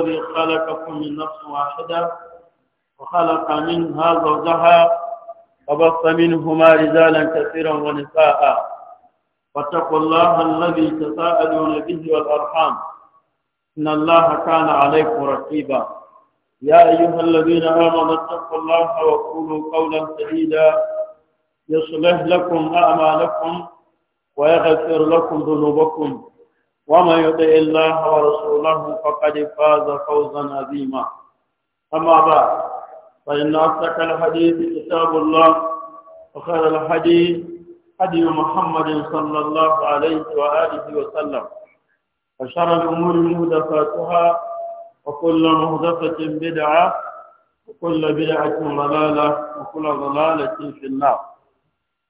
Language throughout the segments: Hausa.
الذي خلقكم من نفس واحدة وخلق منها زوجها وبص منهما رجالا كثيرا ونساء واتقوا الله الذي تساءلون به والأرحام إن الله كان عليكم رقيبا يا أيها الذين آمنوا اتقوا الله وقولوا قولا سديدا يصلح لكم أعمالكم ويغفر لكم ذنوبكم ومن يطع الله ورسوله فقد فاز فوزا عظيما أما بعد فإن أصدق الحديث كتاب الله وخير الحديث حديث محمد صلى الله عليه وآله وسلم وشر الأمور مهدفاتها وكل مهدفة بدعة وكل بدعة ضلالة وكل ضلالة في النار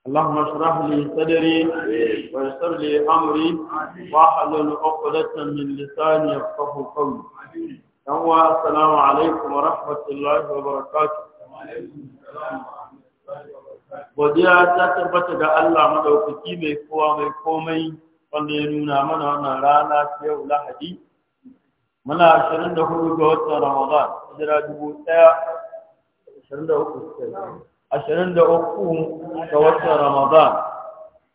اللهم اشرح لي صدري ويسر لي امري واحلل عقدة من لساني يفقه قولي هو السلام عليكم ورحمة الله وبركاته godiya ta tabbata ga Allah madaukaki mai kowa mai komai wanda ya nuna mana wannan rana ta yau lahadi muna 24 ga watan ramadan hijira 1000 23 ashirin da uku ga watan Ramadan,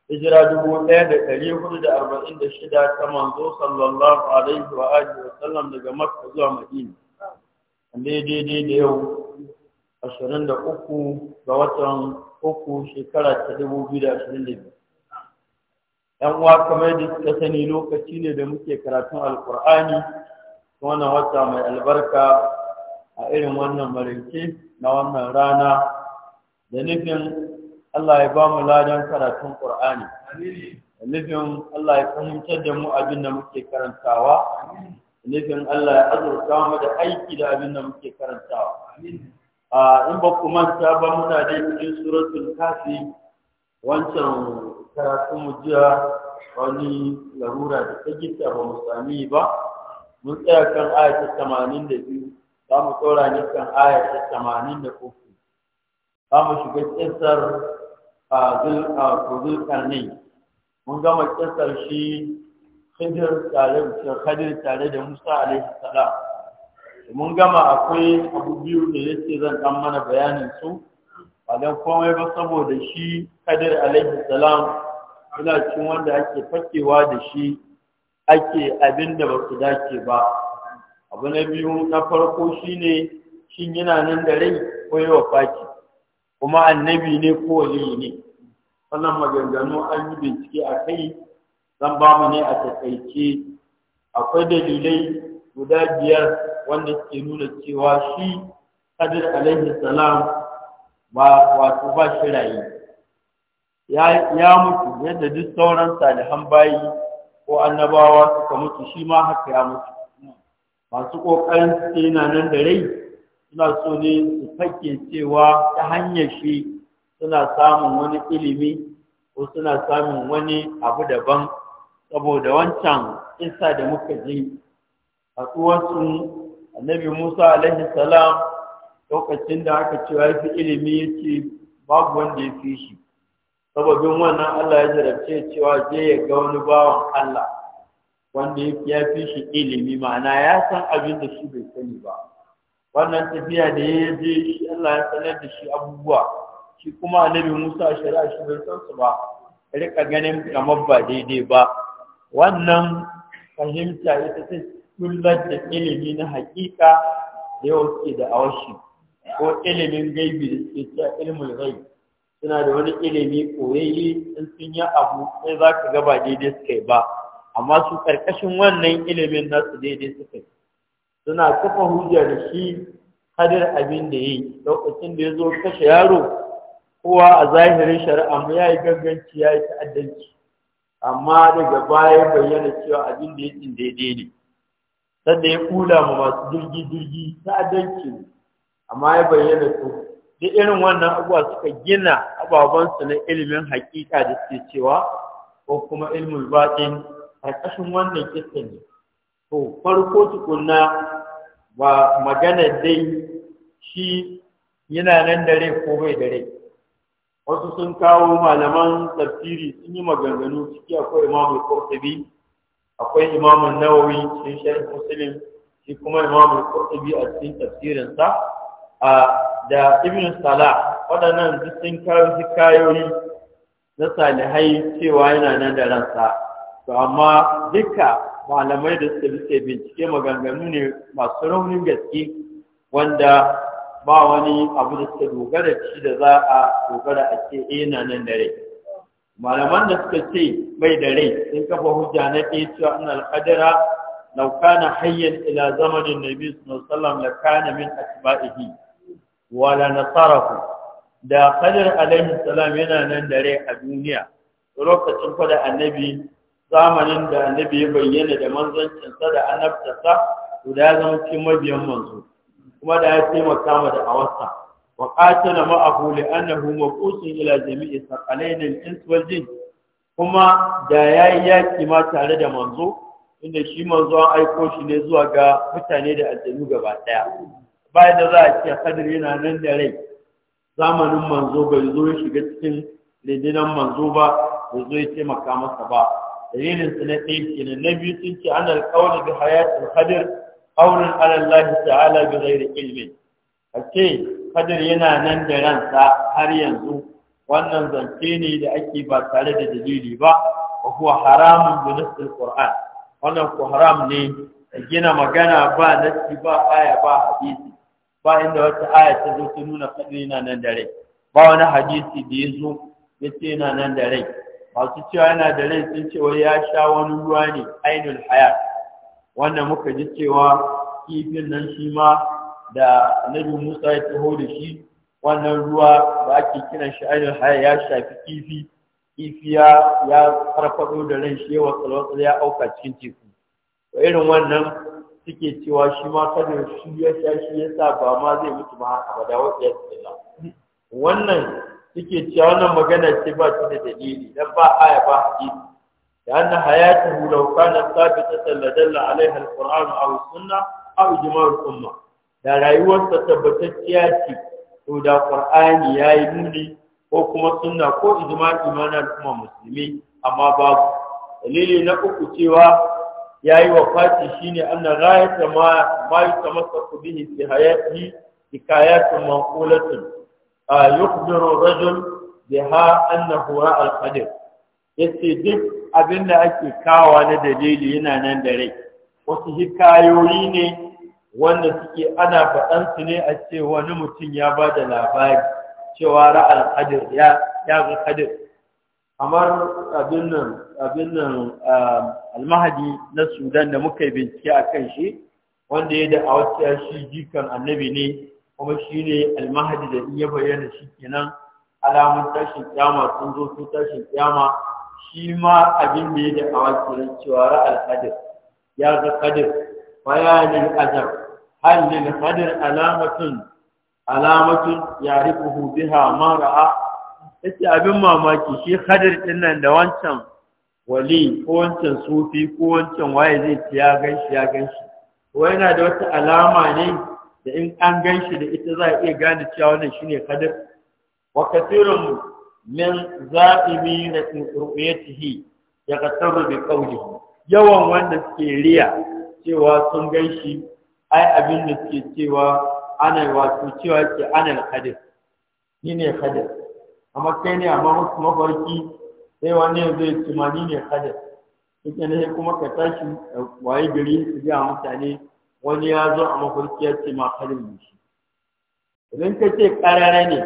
hijira dubu ɗaya da ɗari hudu da arba'in da shida ta manzo sallallahu alaihi wa alihi wa sallam daga Makka zuwa Madina. Daidai da yau ashirin da uku ga watan uku shekara ta dubu biyu da ashirin da biyu. ‘Yan uwa kamar da suka sani lokaci ne da muke karatun Alƙur'ani, wannan wata mai albarka a irin wannan marinke na wannan rana da nufin Allah ya ba mu ladan karatun Qur'ani da nufin Allah ya fahimtar da mu abin da muke karantawa da nufin Allah ya azurta mu da aiki da abin da muke karantawa a in ba kuma manta ba muna dai cikin suratul kafi wancan karatun jiya wani larura da ta gita ba mu sami ba mun tsaya kan aya ta 82 za mu tsora ne kan aya ta za mu shiga kisar kuzul karni mun gama kisar shi khidir tare tare da musa alaihi salam mun gama akwai abu biyu da yace zan dan mana bayanin su A dan komai ba saboda shi Kadir alaihi salam ina cikin wanda ake fakewa da shi ake abin da ba su dace ba abu na biyu na farko shine shin yana nan da rai ko yawa faki kuma annabi ne ko wali ne wannan maganganu an yi bincike a kai zan ba mu ne a takaice akwai dalilai guda biyar wanda ke nuna cewa shi kadir alaihi salam ba wato ba shi raye ya mutu yadda duk sauran salihan bayi ko annabawa suka mutu shi ma haka ya mutu masu ƙoƙarin suke yana nan da rai suna so ne su fake cewa ta hanyar shi suna samun wani ilimi ko suna samun wani abu daban saboda wancan isa da muka ji a tsuwansu annabi musa alaihi salam lokacin da aka ce ya fi ilimi ya ce babu wanda ya fi shi sababin wannan allah ya jarabce cewa je ya ga wani bawan allah wanda ya fi shi ilimi ma'ana ya san abin da shi bai sani ba wannan tafiya da ya je shi Allah ya sanar da shi abubuwa shi kuma annabi Musa shari'a shi bai san su ba rika ganin kamar ba daidai ba wannan fahimta ita ce kullar da ilimi na hakika da yau suke da awashi ko ilimin gaibi da suke cewa ilimin gaibi suna da wani ilimi koyayye in sun yi abu sai za ka ga ba daidai suka yi ba amma su ƙarƙashin wannan ilimin nasu daidai suka yi suna kafa hujja da shi kadar abin da yi lokacin da ya zo kashe yaro kowa a zahirin shari'a mu ya yi ganganci ya yi ta'addanci amma daga baya bayyana cewa abin da ya tsin daidai ne sanda ya kula ma masu jirgi jirgi ta'addanci ne amma ya bayyana to duk irin wannan abuwa suka gina ababansu na ilimin hakika da suke cewa ko kuma ilimin batin ƙarƙashin wannan kisa ne to farko tukunna ba magana dai shi yana nan da rai ko bai da rai wasu sun kawo malaman tafsiri sun yi maganganu ciki akwai imamu kurtubi akwai imamu nawawi cikin shari'a muslim shi kuma imamu kurtubi a cikin tafsirinsa. sa da ibn salah waɗannan duk sun kawo hikayoyi na salihai cewa yana nan da ransa to amma duka malamai da suke bincike maganganu ne masu raunin gaske wanda ba wani abu da suka dogara ci da za a dogara a ce ina eh, nan da rai malaman da suka ce mai da rai sun kafa hujja na ɗaya cewa ina alƙadara lau kana ila zamanin nabi sallallahu alaihi wasallam la kana min atba'ihi wa la nasarahu da qadar alaihi salam yana nan da rai a duniya lokacin kwada annabi zamanin da annabi ya bayyana da manzancinsa da annabtarsa to da ya zama cikin mabiyan manzo kuma da ya taimaka ma da awarsa wa qatala li annahu maqusun ila jami'i saqalain al-ins wal jin kuma da yayi yaki ma tare da manzo inda shi manzo an aiko shi ne zuwa ga mutane da aljanu gaba daya bayan da za a ce kadir yana nan da rai zamanin manzo bai zo ya shiga cikin ladinan manzo ba bai zo ya taimaka masa ba dalilin na ɗaya kenan na biyu sun ce an alƙawar bi hayatul qadr qawlun ala Allah ta'ala bi ghairi ilmin ce qadr yana nan da ransa har yanzu wannan zance ne da ake ba tare da dalili ba wa huwa haramun bi nasil qur'an wannan ko haram ne gina magana ba nasi ba aya ba hadisi ba inda wata aya ta zo ta nuna kadri yana nan da rai ba wani hadisi da ya zo ya ce yana nan da rai masu cewa yana da rai sun cewa ya sha wani ruwa ne ainihin hayat wanda muka ji cewa kifin nan shi ma da nabi musa ya taho da shi wannan ruwa da ake kiran shi ainihin hayat ya shafi kifi kifi ya ya farfado da ran shi wa salwatsa ya auka cikin teku to irin wannan suke cewa shi ma kada shi ya sha shi ya sa ba ma zai mutu ba haka ba da wasu ya wannan suke cewa wannan magana ce ba ta da dalili dan ba aya ba hadisi لأن حياته لو كانت ثابتة لدل عليها القرآن أو السنة أو إجماع الأمة da rayuwarsa tabbatacciya ce to da Qur'ani ya yi nuni ko kuma sunna ko ijma'i mana kuma musulmi amma babu dalili na uku cewa ya yi wafati shine anna rayata ma ma yatamassaku bihi fi hayatihi hikayatun manqulatun yukbiru rajul biha annahu ra'a al-qadr yace duk abin da ake kawa na dalili yana nan da rai wasu hikayoyi ne wanda suke ana faɗan su ne a ce wani mutum ya ba da labari cewa ra'al qadir ya ga qadir kamar abin nan abin nan almahadi na Sudan da muka yi bincike a akan shi wanda ya da awciya shi jikan annabi ne kuma shi ne almahadi da in ya bayyana shi kenan alamun tashin kiyama sun zo su tashin kyama shi ma abin da ya da awa kenan cewa ra'al hadir. ya ga qadir bayanin azar hal hadir alamatun alamatun ya'rifuhu biha ma ra'a yace abin mamaki shi hadir din nan da wancan wali ko wancan sufi ko wancan waye zai ci ya ganshi ya ganshi ko yana da wata alama ne da in an gan shi da ita za a iya gane cewa wannan shine kadir wa kathirun min za'imi na ru'yatihi ya kasaru bi qawlihi yawan wanda suke riya cewa sun gan shi ai abin da suke cewa ana wato cewa ke ana kadir ni ne kadir amma kai ne amma musu mafarki sai wani ya zai ce ma ni ne kadir ita ne kuma ka tashi waye gari su ga mutane wani ya zo a mafarkiyar ya ce ma harin shi idan ka ce karare ne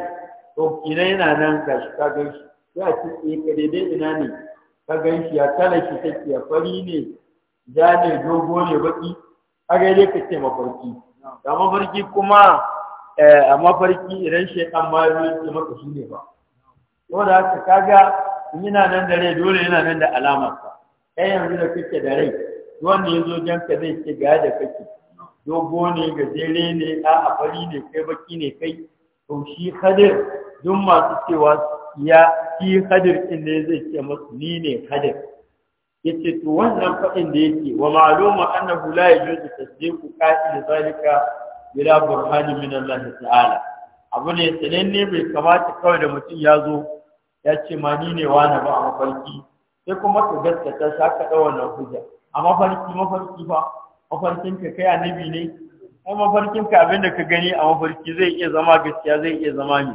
to ina yana nan ga shi ka gan shi sai a ce ka eh, daidai ina ne ka gan shi ya kala shi take ya fari ne ja ne dogo ne baki kaga dai ka ce mafarki da mafarki kuma eh, a mafarki idan shekan ma ya ce maka shi ne ba da haka kaga ina nan da rai dole yana nan da alamarsa kai yanzu da kake da rai wanda ya zo ka zai ce ga da kake dogo ne gajere ne a fari ne kai baki ne kai to shi hadir duk masu cewa ya shi hadir din ne zai ce masu ni ne hadir yace to wannan fadin da yake wa ma'luma annahu la yajuzu tasdiqu qa'il zalika bila burhani min Allah ta'ala abu ne sananne bai kamata kawai da mutum ya zo ya ce ma ni ne wani ba a mafarki sai kuma ka gaskata shi ka ɗau wannan hujja a mafarki mafarki ba mafarkinka kai annabi ne kuma mafarkinka abinda ka gani a mafarki zai iya zama gaskiya zai iya zama ne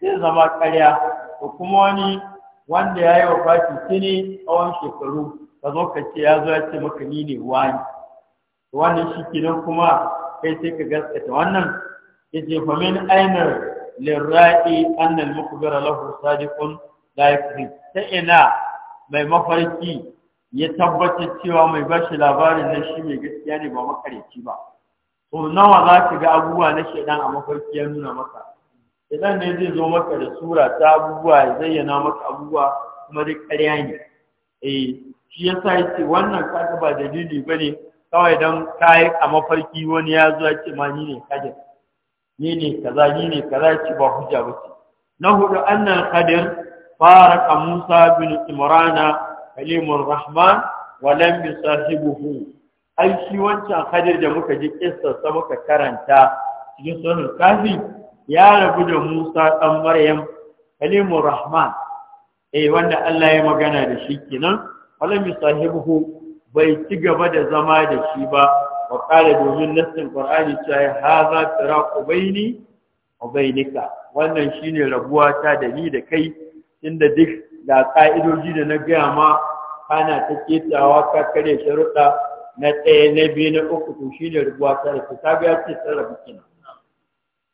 zai zama ƙarya da kuma wani wanda ya yi wa fashi tuni tsawon shekaru ka zo ka ce ya zo ya ce maka ni ne wani wannan shi kenan kuma kai sai ka gaskata wannan ya ce fa min ainar lirra'i annal mukbira lahu sadiqun la ta ina mai mafarki ya tabbatar cewa mai bashi labarin na shi mai gaskiya ne ba makareci ba to nawa za ki ga abubuwa na shaidan a mafarki ya nuna maka shaidan ne zai zo maka da sura ta abubuwa ya zayyana maka abubuwa kuma dai ƙarya ne eh shi ya yasa yace wannan kaga ba dalili ba ne, kawai dan yi a mafarki wani ya zo ya ce ma ni ne kadir ni ne kaza ni ne kaza ce ba hujja ba ce na hudu annal kadir faraka musa bin imrana kalimun rahman wa lam yusahibuhu ai shi wancan hadir da muka ji kissa sa muka karanta cikin sunan kafi ya rabu da Musa Ɗan Maryam kalimun rahman eh wanda Allah ya magana da shi kenan wa lam yusahibuhu bai ci gaba da zama da shi ba wa kare domin nassin Qur'ani cewa haza firaqu baini wa bainika wannan shine rabuwa ta da ni da kai inda duk da ƙa’idoji da na gaya ma kana ta ketawa ka kare sharuɗa na ɗaya na biyu na uku to shi ne rubuwa ta rufe ta biya ce ta rabu kina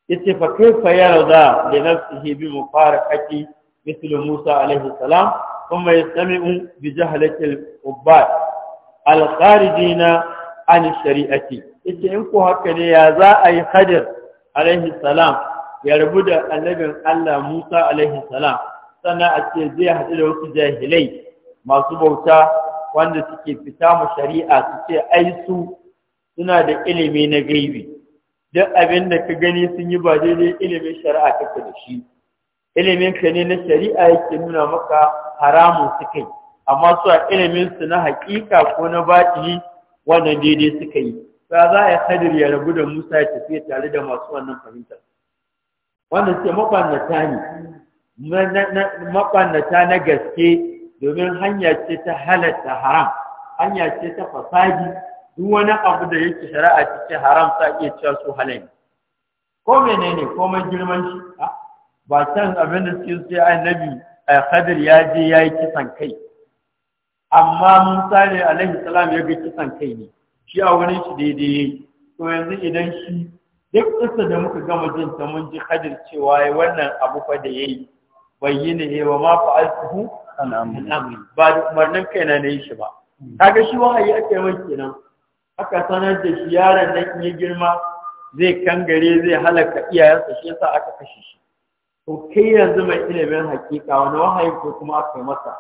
ita fa kai fa da na sihi bi mu fara kaki misali musa alaihi salam kuma ya sami un bi jahalatil ubbat alqaridina an shari'ati ita in ko haka ne ya za a yi hadir alaihi salam ya rubu da annabin Allah Musa alaihi salam sannan a ce zai haɗu da wasu jahilai masu bauta wanda suke fita mu shari'a su ce ai su suna da ilimi na gaibi duk abin da ka gani sun yi ba daidai ilimin shari'a kake da shi ilimin ka ne na shari'a yake nuna maka haramun su kai, amma su a ilimin su na haƙiƙa ko na batini wannan daidai suka yi ba za a yi hadir ya rabu da Musa ya tafi tare da masu wannan fahimtar wanda suke mabannata ne maɓannata na gaske domin hanya ce ta halatta haram hanya ce ta fasadi duk wani abu da yake shari'a cikin haram sa iya cewa su halayi ko menene komai girman shi ba can abin da suke sai annabi eh, Khadir ya je ya yi kisan kai amma Musa ne alaihi salam ya ga kisan kai ne shi a wani shi daidai to yanzu idan shi duk ƙasa da muka gama jin ta mun ji Khadir cewa wannan abu fa da yayi ne ba ma fa'altuhu an amri ba da umarnin kaina na yi shi ba ga shi wahayi ake mai kenan aka sanar da shi yaron nan ya girma zai kangare zai halaka iyayensa shi yasa aka kashe shi to kai yanzu mai ilimin hakika wani wahayi ko kuma aka yi masa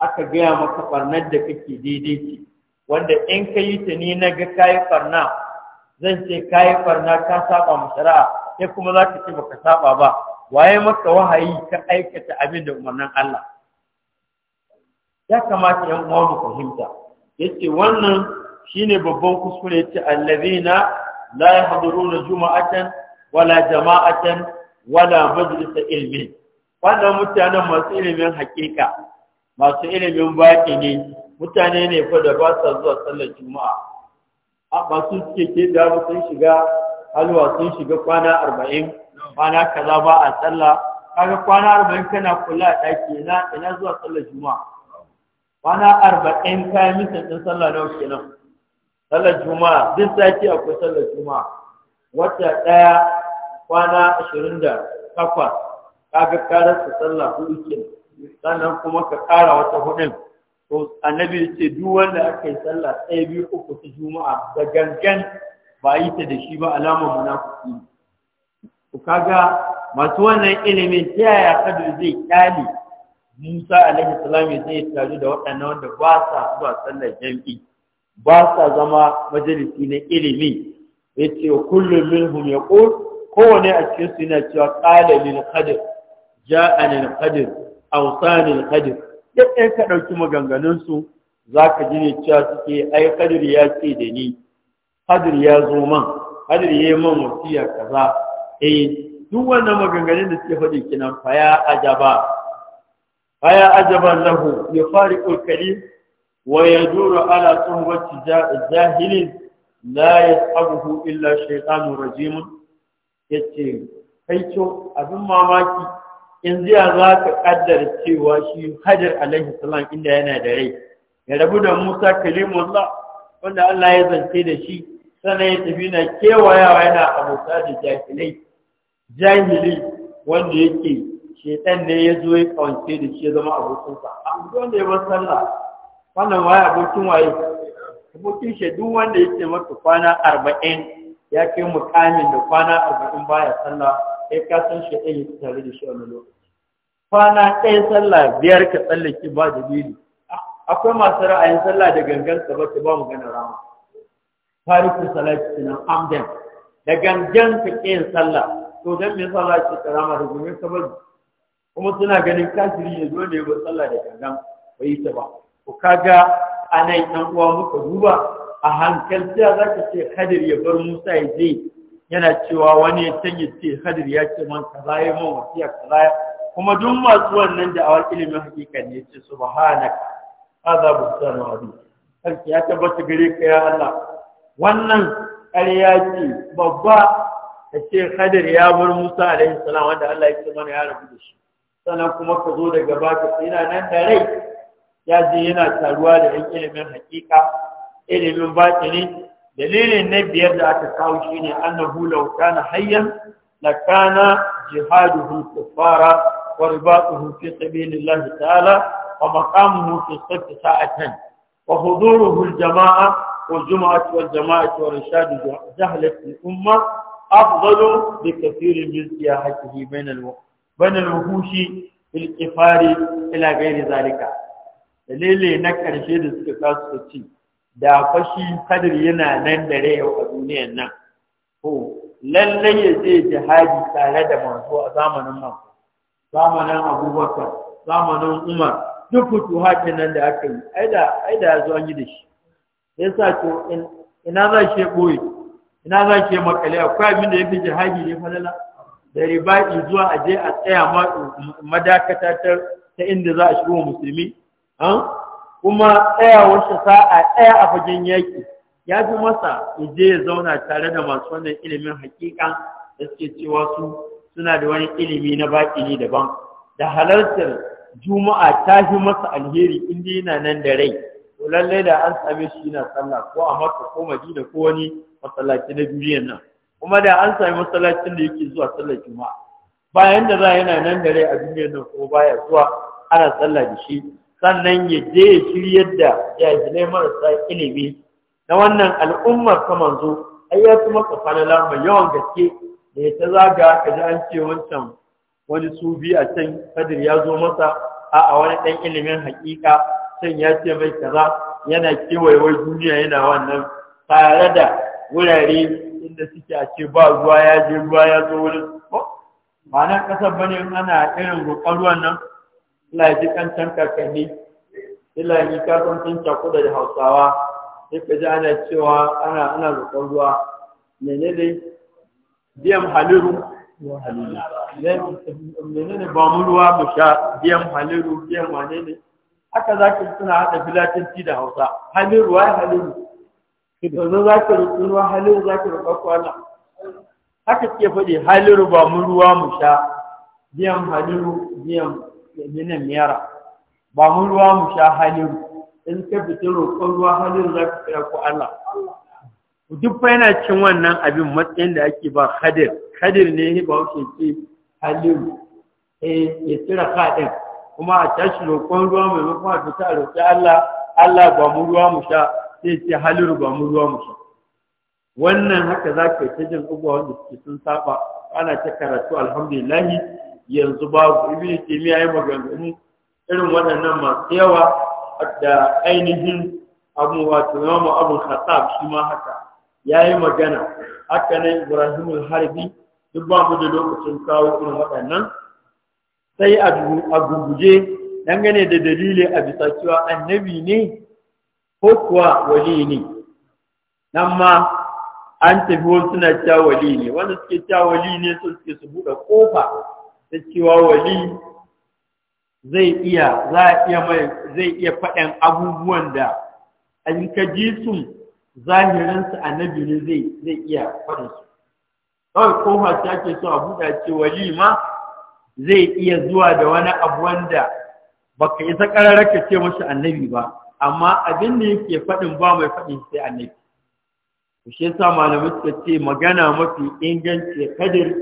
aka gaya maka barnar da kake daidai ce wanda in ka yi ta ni na ga kayi farna zan ce kayi farna ka saba mu shari'a sai kuma za ka ce baka saba ba waye maka wahayi ka aikata abin da umarnin Allah ya kamata yan uwa mu fahimta yace wannan shine babban kuskure yace allazina la yahduruna juma'atan wala jama'atan wala majlisa ilmin wannan mutanen masu ilimin hakika masu ilimin baki ne mutane ne fa da ba sa zuwa sallar juma'a a ba su suke ke da sun shiga halwa sun shiga kwana arba'in kwana kaza ba a sallah kaga kwana arba'in kana kula a ɗaki ina ina zuwa tsalla juma'a kwana arba'in kayan mitin ɗin sallah nawa kenan tsalla juma'a duk sati akwai sallar juma'a wata ɗaya kwana ashirin da takwas kaga karasa sallah hudu kenan sannan kuma ka kara wata hudun to annabi ya ce duk wanda aka yi sallah ɗaya biyu uku ta juma'a da gangan ba yi ta da shi ba alamar munafiki ku kaga masu wannan ilimin ta yaya kadu zai kyale Musa alaihi salam ya zai taru da waɗannan wanda ba sa zuwa sallar jam'i ba sa zama majalisi na ilimi yace kullu minhum yaqul kowane a cikin su yana cewa qala lil qadir ja'a lil ausa awsani lil qadir duk ɗaya ka ɗauki maganganun su zaka ji ne cewa suke ai qadir ya ce da ni qadir ya zo man qadir ya yi man wasiya kaza eh duk wannan maganganun da suke faɗi kinan faya ajaba faya ajaba lahu ya fari kulkari wa ya duru ala tsohubacci jahilin la yasabuhu illa shaytanu rajimun yace ce kyau abin mamaki in ziya za ka kaddar cewa shi hadar alaihi salam inda yana da rai ya rabu da musa kalimullah wanda allah ya zance da shi sana ya tafi na kewayawa yana abota da jahilai jahili wanda yake shedan ne ya zo ya kawance da shi ya zama abokinsa a wanda ya bar sallah wannan waye abokin waye abokin shi duk wanda ya ce maka kwana arba'in ya kai mukamin da kwana arba'in baya sallah ya ka san ɗaya ya tare da shi a wani lokaci kwana ɗaya sallah biyar ka tsallake ba dalili akwai masu ra'ayin sallah da gangan ba ta ba mu gana rama tariku salati nan amdan da gangan ta sallah to dan me sallah ce karama da gumin sabar kuma suna ganin kafiri ne zo ne ba sallah da gangan bai ta ba ko kaga anan dan uwa muka duba a hankalciya za ka ce hadir ya bar Musa ya je yana cewa wani ya canje ce hadir ya ce man kaza ya man wasiya kaza kuma duk masu wannan da awar ilimin hakika ne ce subhanaka hadha buhtan wa sarki ya tabbata gare ka ya Allah wannan ƙarya ce babba ta ce kadir ya bar musa alaihi salam wanda allah ya ce mana ya rabu da shi sannan kuma ka zo daga baka sai yana nan da rai ya je yana taruwa da yan ilimin hakika ilimin batini dalilin na biyar da aka kawo shi ne annahu law hayyan lakana jihaduhu kuffara wa ribatuhu fi sabilillahi ta'ala wa maqamuhu fi sifati sa'atan wa huduruhu jama'a. والجمعة والجماعة وإرشاد جهلة الأمة أفضل بكثير من سياحته بين الوقت بين الوحوش بالإفار إلى غير ذلك dalilai na ƙarshe da suka kasu ci da fashi kadir yana nan da yau a duniyan nan ko lallai ya je jihadi tare da manzo a zamanin manzo zamanin abubakar zamanin umar duk fituhatin nan da aka yi aida aida ya yi da shi ya sa to ina za shi ɓoye? ina za shi makale akwai abin da ya fi jihadi ne falala da ribaɗi zuwa a je a tsaya madakata ta inda za a shigo musulmi kuma tsayawar shi sa'a ɗaya a fagen yaƙi ya fi masa ya je ya zauna tare da masu wannan ilimin hakika da suke cewa su suna da wani ilimi na ne daban da halartar juma'a ta fi masa alheri inda yana nan da rai to lallai da an same shi yana sallah ko a maka ko Madina ko wani masallaci na duniya nan kuma da an sami masallacin da yake zuwa sallar Juma'a bayan da za yana nan dare a duniya nan ko baya zuwa ana sallah da shi sannan ya je ya shiryar da jajilai marasa ilimi na wannan al'ummar ta manzo ai ya fi maka falala mai yawan gaske da ya ta zaga ka ji an ce wancan wani sufi a can kadir ya zo masa a wani ɗan ilimin haƙiƙa can ya ce mai kaza yana kewayewar duniya yana wannan tare da wurare inda suke a ce ba ruwa ya je ruwa ya zo wurin ko ba nan kasar bane in ana irin roƙar ruwan nan ila ya kan kancan kakanni Allah ka san kasan cakuda da Hausawa sai ka ji ana cewa ana ana roƙar ruwa mene ne biyan haliru mene ne ba mu ruwa mu sha biyan haliru biyan wane ne haka za ka suna haɗa filatanci da hausa halin ruwa halin yanzu za ka rufe ruwa halin za ka rufe kwana haka ke faɗi halin ruwa mu ruwa mu sha biyan halin biyan minan miyara ba mu ruwa mu sha halin in ka fita roƙon ruwa halin za ka kira ko Allah duk fa yana cin wannan abin matsayin da ake ba hadir hadir ne ba wuce ce halin eh ya tsira kaɗin kuma a tashi roƙon ruwa mai a fita a roƙi Allah Allah ba mu ruwa mu sha sai ce haliru ba mu ruwa mu sha wannan haka za ka yi ta jin abuwa wanda suke sun saba ana ta karatu alhamdulillahi yanzu babu ibn taymiya ya maganganu irin waɗannan masu yawa da ainihin abu wato mu abu shi ma haka Ya yi magana haka ne ibrahim harbi duk ba mu da lokacin kawo irin waɗannan sai a guguje dangane da dalili a bisa cewa annabi ne ko kuwa wali ne nan ma an tafi wasu suna cewa wali ne wanda suke cewa wali ne su suke su buɗe ƙofa ta cewa wali zai iya za zai iya faɗin abubuwan da an ka ji su zahirinsu annabi ne zai iya faɗin su kawai ƙofa ta ke so a buɗe ce wali ma zai iya zuwa da wani abu wanda baka isa kararraka ce mashi annabi ba amma abin da yake faɗin ba mai faɗin sai annabi shi yasa malamai suka ce magana mafi inganci kadir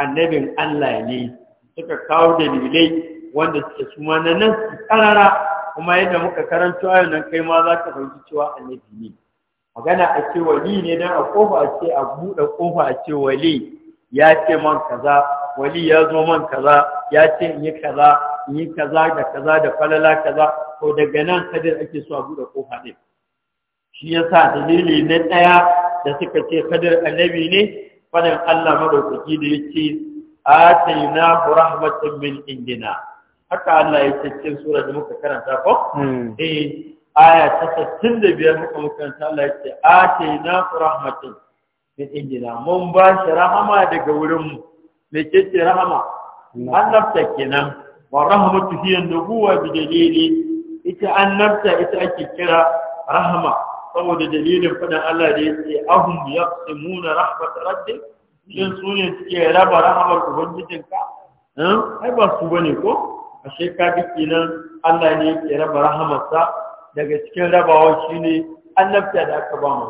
annabin Allah ne suka kawo dalilai wanda suke su na nan su karara kuma yadda muka karanto ayo nan kai ma za ka fahimci cewa annabi ne magana a ce wali ne dan a kofa a ce a buɗe kofa a ce wali ya ce man kaza wali ya zo man kaza ya ce in yi kaza in yi kaza da kaza da falala kaza ko daga nan kadir ake so a buɗe kofa ne shi yasa dalili na ɗaya da suka ce kadir annabi ne fadin Allah madaukaki da yake atayna rahmatan min indina haka Allah ya ce cikin sura da muka karanta ko hmm. eh aya ta 65 muka karanta Allah ya ce a atayna rahmatan min indina mun ba shi rahama daga wurin mu me ce rahama annabta kenan wa rahmatu hiya nubuwa bi dalili ita annabta ita ake kira rahama saboda dalilin fadan Allah da yake ahum yaqsimuna rahmat rabbik shin su ne suke raba rahamar ubangijinka eh? ai ba su bane ko ashe ka biki nan Allah ne yake raba sa, daga cikin rabawa shine annabta da aka ba mu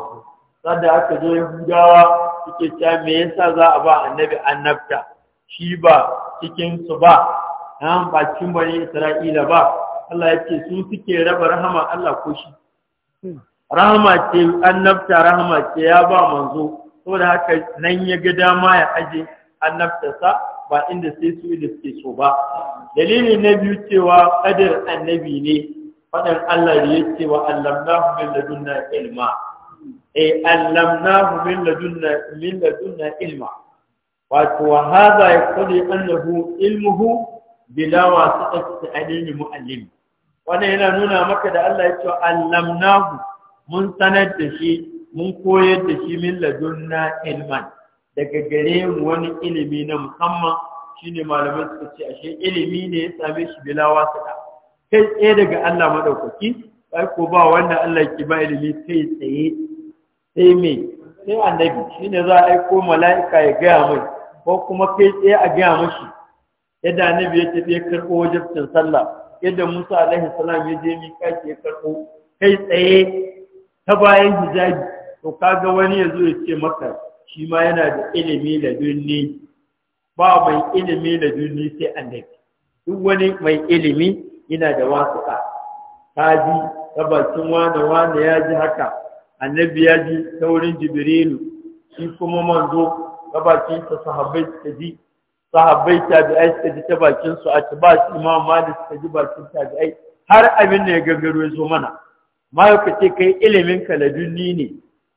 sanda aka ya Yahudawa suke cewa me yasa za a ba annabi annabta shi ba cikin su ba an ba cikin bani Isra'ila ba Allah ya ce su suke raba rahama Allah ko shi hmm. rahama ce annabta rahama ce ya ba manzo saboda haka nan ya ga dama ya aje annabtarsa ba inda sai su da suke so ba dalili na biyu cewa kadar annabi ne faɗin Allah ya ce wa allamnahu min ladunna ilma e allamnahu min ladunna min ladunna ilma wa wa hadha yaqulu annahu ilmuhu bila wasitati alimi muallim wannan yana nuna maka da Allah ya ce allamnahu mun sanar da shi mun koyar da shi min ladunna ilman daga gare mu wani ilimi na musamman shine malaman suka ce ashe ilimi ne ya same shi bila wasita kai tsaye daga Allah madaukaki ai ko ba wanda Allah ke ba ilimi kai tsaye sai me sai annabi ne za a aiko mala'ika ya gaya mai ko kuma kai tsaye a gaya mashi yadda annabi ya tafi ya karɓo wajibcin sallah yadda Musa alaihi salam ya je kai ya karɓo kai tsaye ta bayan hijabi to kaga wani ya zo ya ce maka shi ma yana da ilimi da dunni ba mai ilimi da dunni sai annabi duk wani mai ilimi yana da wasu Ka ji ta bakin wane wane ya ji haka annabi ya ji ta wurin jibrilu shi kuma manzo ta bakin sa sahabbai suka ji sahabbai tabi'ai suka ji ta bakin su a ba shi imam malik suka ji bakin tabi'ai har abin da ya gangaro ya zo mana ma ya kace kai ilimin ka ladunni ne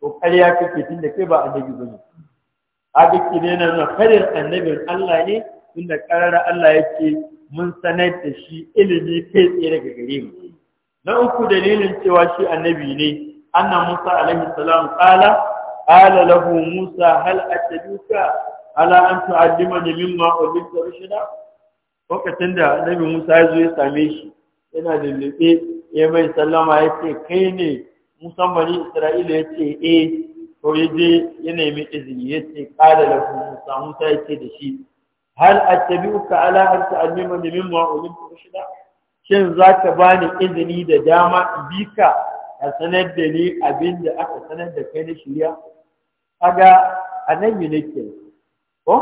ko ƙarya kake tunda kai ba annabi ba ne a duki ne na nuna karin annabin Allah ne tunda ƙarar Allah ya ce mun sanar da shi ilimi kai tsaye daga gare mu na uku dalilin cewa shi annabi ne Hannan Musa alaihi salam qala qala lahu Musa hal ataduka ala an tu'allimani mimma ulita rushda lokacin da Annabi Musa ya zo ya same shi yana lullube ya mai sallama ya ce kai ne Musan Isra'ila ya ce eh ko ya je ya nemi izini ya ce qala lahu Musa Musa ya ce da shi hal attabi'uka ala da min mimma ulita rushda shin zaka bani izini da dama bika a sanar da ni abin da aka sanar da kai na shirya kaga annabi yi nake ko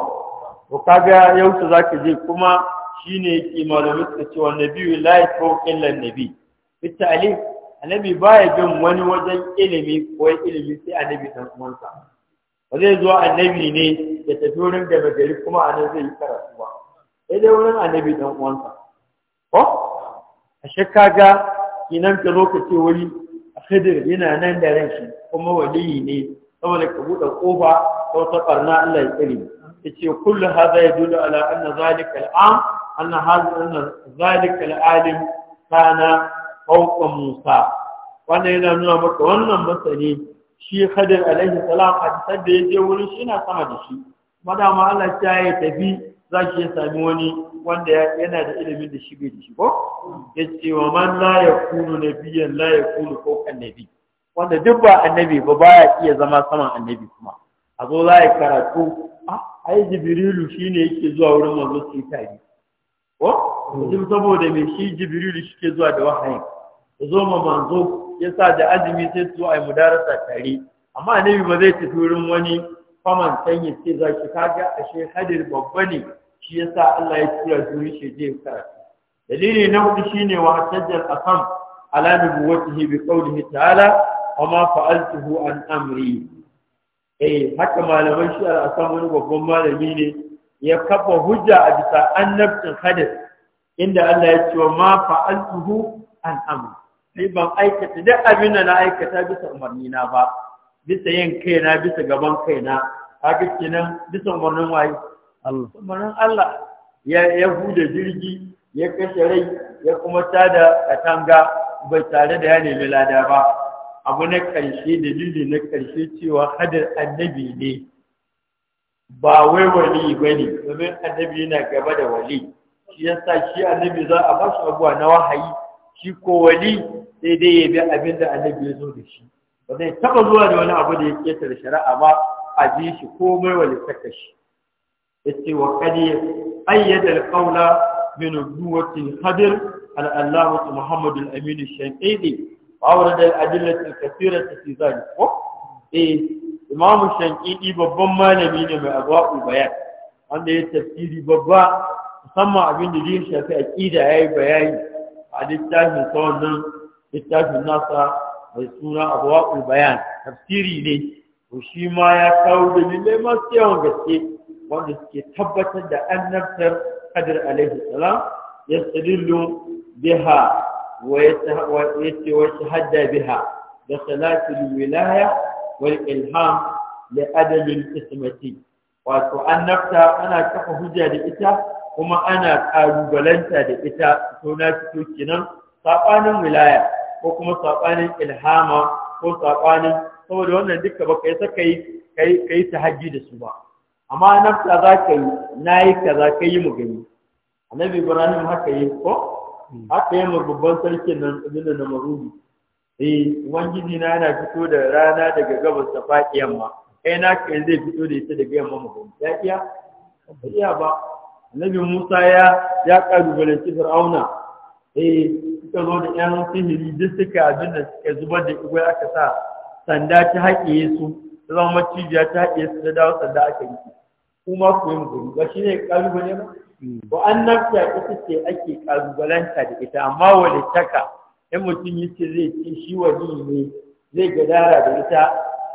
ko kaga yau zaka je kuma shine yake malamin ta cewa nabiyyu la yaqulu illa nabi bitta ali annabi baya bin wani wajen ilimi ko ilimi sai annabi dan uwansa ba zai zo annabi ne ya tafi wurin da bagari kuma a zai yi karatu ba sai dai wurin annabi dan uwansa ko a shakka ga kinan ka lokaci wuri hidir yana nan da ranshi kuma waliyi ne saboda ka buɗe ƙofa ta wata ɓarna Allah ya tsiri ya ce kullu haza ya dulu ala anna zalika al'am anna haza zalika al'alim kana fawqa Musa wannan yana nuna maka wannan masani shi Khadir alaihi salam a tsar da ya je wurin shi na sama da shi madama Allah ya ya tafi za ki ya sami wani wanda yana da ilimin da shi bai da shi ko ya ce wa man la ya kunu la ya ko annabi wanda duk ba annabi ba baya iya zama saman annabi kuma a zo za ya karatu a ah, ai jibrilu shine yake zuwa wurin manzo tare ko duk saboda me shi jibrilu ke zuwa da wahayi ya zo ma manzo yasa da azumi sai su ai mudarasa tare amma annabi ba zai tafi wurin wani faman ya ce za ki kaga ashe hadir babba ne shi yasa Allah ya tura su shi ya karatu dalili na hudu shine wa hatajjal asam ala nubuwatihi bi da ta'ala wa ma hu an amri eh haka malaman shi a kan wani babban malami ne ya kafa hujja a bisa annabcin hadis inda Allah ya ce wa ma hu an amri ni ban aikata duk abin da na aikata bisa umarni na ba bisa yin kaina bisa gaban kaina haka kenan bisa umarnin waye umarnin Allah ya huda jirgi ya kashe rai ya kuma tada katanga bai tare da ya nemi lada ba abu na ƙarshe dalili na ƙarshe cewa hadar annabi ne ba wai wali ba ne domin annabi yana gaba da wali shi yasa shi annabi za a ba shi abuwa na wahayi shi ko wali sai dai ya bi abinda annabi ya zo da shi ba zai taɓa zuwa da wani abu da ya ketare shari'a ba a ji shi komai wali saka shi إتي وقد أيد القول من نبوة خبر على الله محمد الأمين الشنقيدي وأورد الأدلة الكثيرة في ذلك إيه إمام الشنقيدي ببما لمين ما أبواء البيان عند التفسير ببا سمع من دين شفاء إيدا أي بيان بعد التاج من صور نم التاج من ناسا ويسونا أبواء البيان تفسيري ليه وشيما يا كاو دليل ما سيهم بسيه wanda suke tabbatar da annabtar Khadir alaihi salam yastadillu biha wa yatahadda biha da salatul wilaya wal ilham li Adalin ismati wato annabta ana kafa hujja da ita kuma ana kalubalanta da ita suna fito kenan sabanin wilaya ko kuma sabanin ilhama ko sabanin saboda wannan duka baka saka yi kai ta tahajji da su ba amma fita za ka yi na yi za ka yi mu gani annabi ibrahim haka yi ko hmm. haka yi babban sarkin nan nuna na marudi eh ubangiji na yana fito da rana daga gabas ta faɗi yamma kai na kai zai fito da ita daga yamma mu gani ya iya ba iya ba annabi musa ya ya kalubalanci fir'auna eh suka zo da yan sihiri duk suka abin da suka zubar da igwai aka sa sanda ta haƙe su ta zama macijiya ta haƙe su ta dawo sanda aka yi kuma ku yi muguri ba shi ne kalubale ba hmm. ko an nafiya ita ce ake kalubalanta da ita amma wani taka in mutum yi ce zai ce shi wani ne zai gadara da ita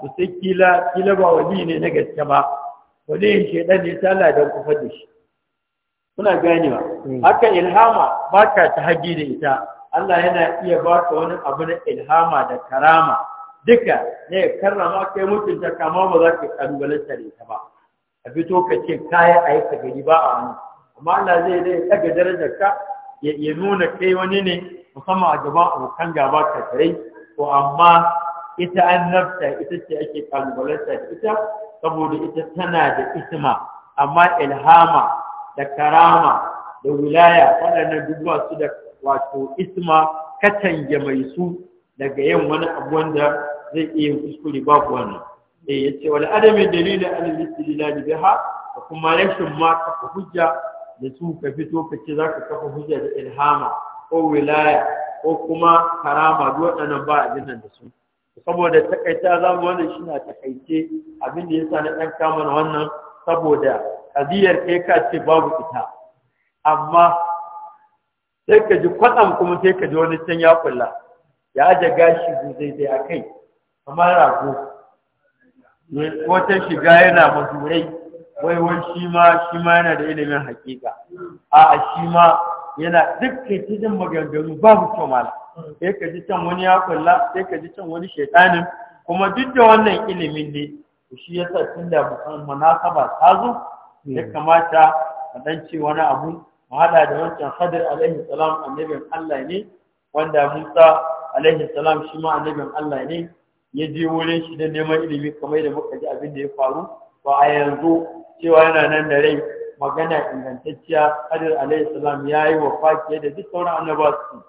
ba kila kila ba wani ne na gaske ba wani yin shaidan ne ta Allah kufa da shi kuna ganewa hmm. haka ilhama ba ka ta haji da ita Allah yana iya baka wani abu na ilhama da karama duka ne karrama kai mutunta kama ba za ka kalubalanta da ita ba a fito ka ce kaya a yi gari ba a hannu amma Allah zai zai daga darajar ka ya nuna kai wani ne musamman a gaban abokan gaba tare Ko amma ita an nafta ita ce ake kalubalarta da ita saboda ita tana da isma amma ilhama da karama da wilaya waɗannan duk su da wato isma katange mai su daga yin wani abu wanda zai iya kuskure babu wannan eh yace wal adami dalilin alal istidlal biha da kuma rashin ma kafa hujja da su ka fito ka ce zaka kafa hujja da ilhama ko wilaya ko kuma karama duk waɗannan ba abin nan da su saboda takaita za mu wannan shi na takaice abin da yasa na ɗan kama wannan saboda kadiyar kai ka ce babu ita amma sai ka ji kwatsam kuma sai ka ji wani can ya kulla ya aje gashi zai zai a kai kamar rago ko shiga yana mazurai wai wai shi ma shi ma yana da ilimin hakika a shi ma yana dukkan cikin maganganu babu kyau sai ka ji can wani ya kulla sai ka ji can wani shaitanin kuma duk da wannan ilimin ne shi ya sa tun da munasaba ta zo ya hmm. kamata a dan ce wani abu mu hada da wancan hadir alaihi salam annabin Allah ne wanda Musa alaihi salam shi ma annabin Allah ne ya je wurin shi da neman ilimi kamar da muka ji abin da ya faru ba a yanzu cewa yana nan da rai magana ingantacciya hadir alayhi ya yi wa fakiya da duk sauran annaba su